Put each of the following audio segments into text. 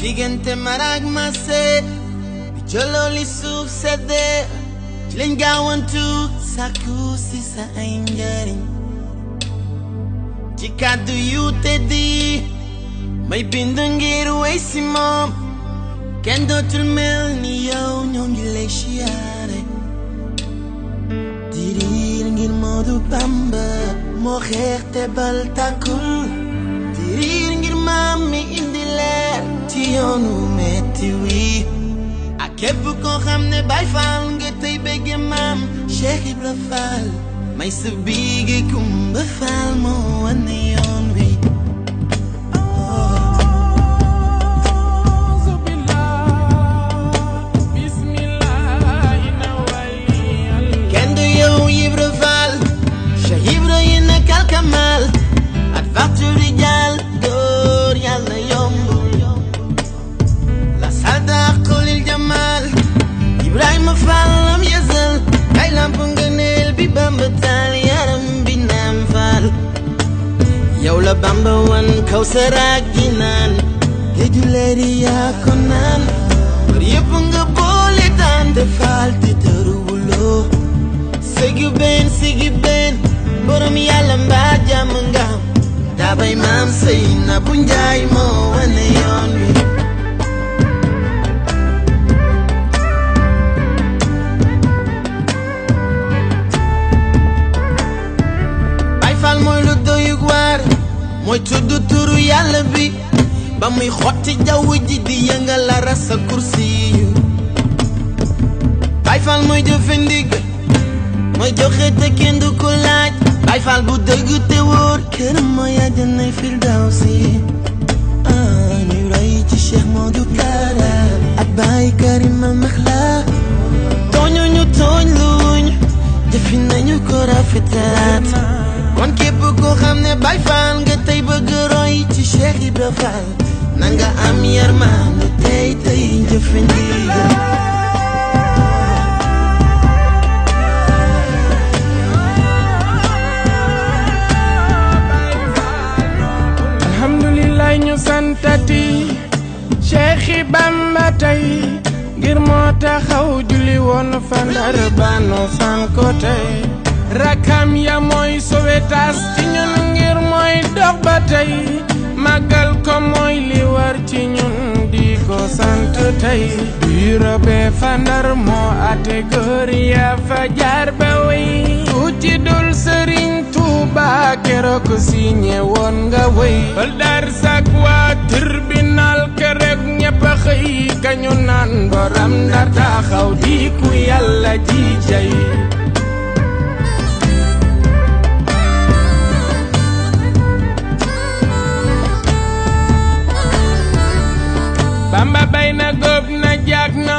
diggante maraag maase bi jëloo li suuf sedde ci lañ sa ay njariñ ci kàddu yu teddi may bind ngir wey kenn dootul mel ni yow ñoo ngi lay siyaare diriir ngir Moodu Bamba moo xeex te bal tàkkul diriir ngir maam mi indi ci yoonu metti wi ak képp xam ne bay faal nga tey bégge maam Cheikh Ibra may sa biige faal moo wane yoon bamba wan kaw saraag yi naan géeju leeri yaa ko naan war yëpp nga boole daan defaal te tëruwuloo sëgi benn sigi benn borom yàlla mbaa jàmm nga daabay maam sëy na bu ma mooy tudd turu yàlla bi ba muy xotti jaww ji di yëngal la rasa kursi yu Baay mooy jëfe ndigg mooy joxe te kenn du laaj Baay Faal bu dëgg te wóor këram mooy àjjana firdawsi ah ñu roy ci Cheikh Modou Kara ak Baay Karim Maxla tooñu ñu tooñ luñ jëfi nañu ko rafetaat Ibra Fall nanga am ñu santati Cheikh Bamba tey ngir moo taxaw julli woon fa Ndar banu sanko tey rakam ya mooy Sowétas ci ñun ngir mooy dox ba tey màggal ko mooy li war ci ñun di ko sant tey bureau be fa Ndar moo ate fa jaar ba wey ku ci dul sëriñ Tuuba keroog si ñëwoon nga wey bal dar sak waa tribunal keroog ñëpp a xëy kañu naan boram Ndar taxaw di ku yàlla ji jay bamba bay na góob na jaag na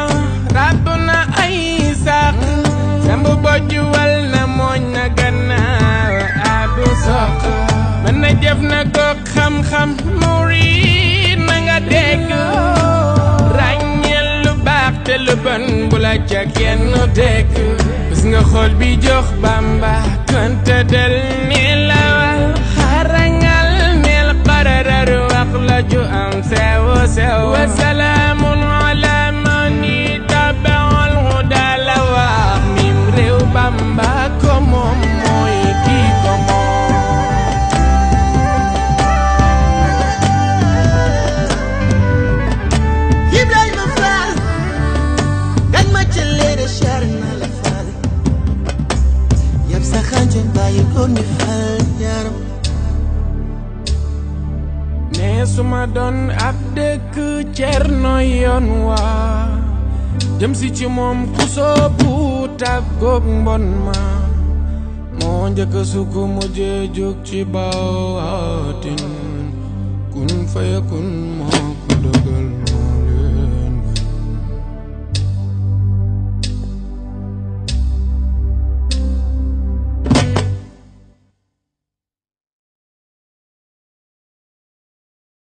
ràbb na ay saax samb wal na mooñ na gannaaw aadu soq mën na jëf na koog xam-xam murid na nga dégg ràññeel lu baax te lu bon bu la ca kenn dégg bis nga xool bi jox bamba konte del saxaanjën bàyyi ko ni doon ab dëkk cerno yoon waa jëm si ci moom ku soobu tàggoog mbon ma moo njëkk sukk mujjee jóg ci baatin kun faya kun moo ko dogal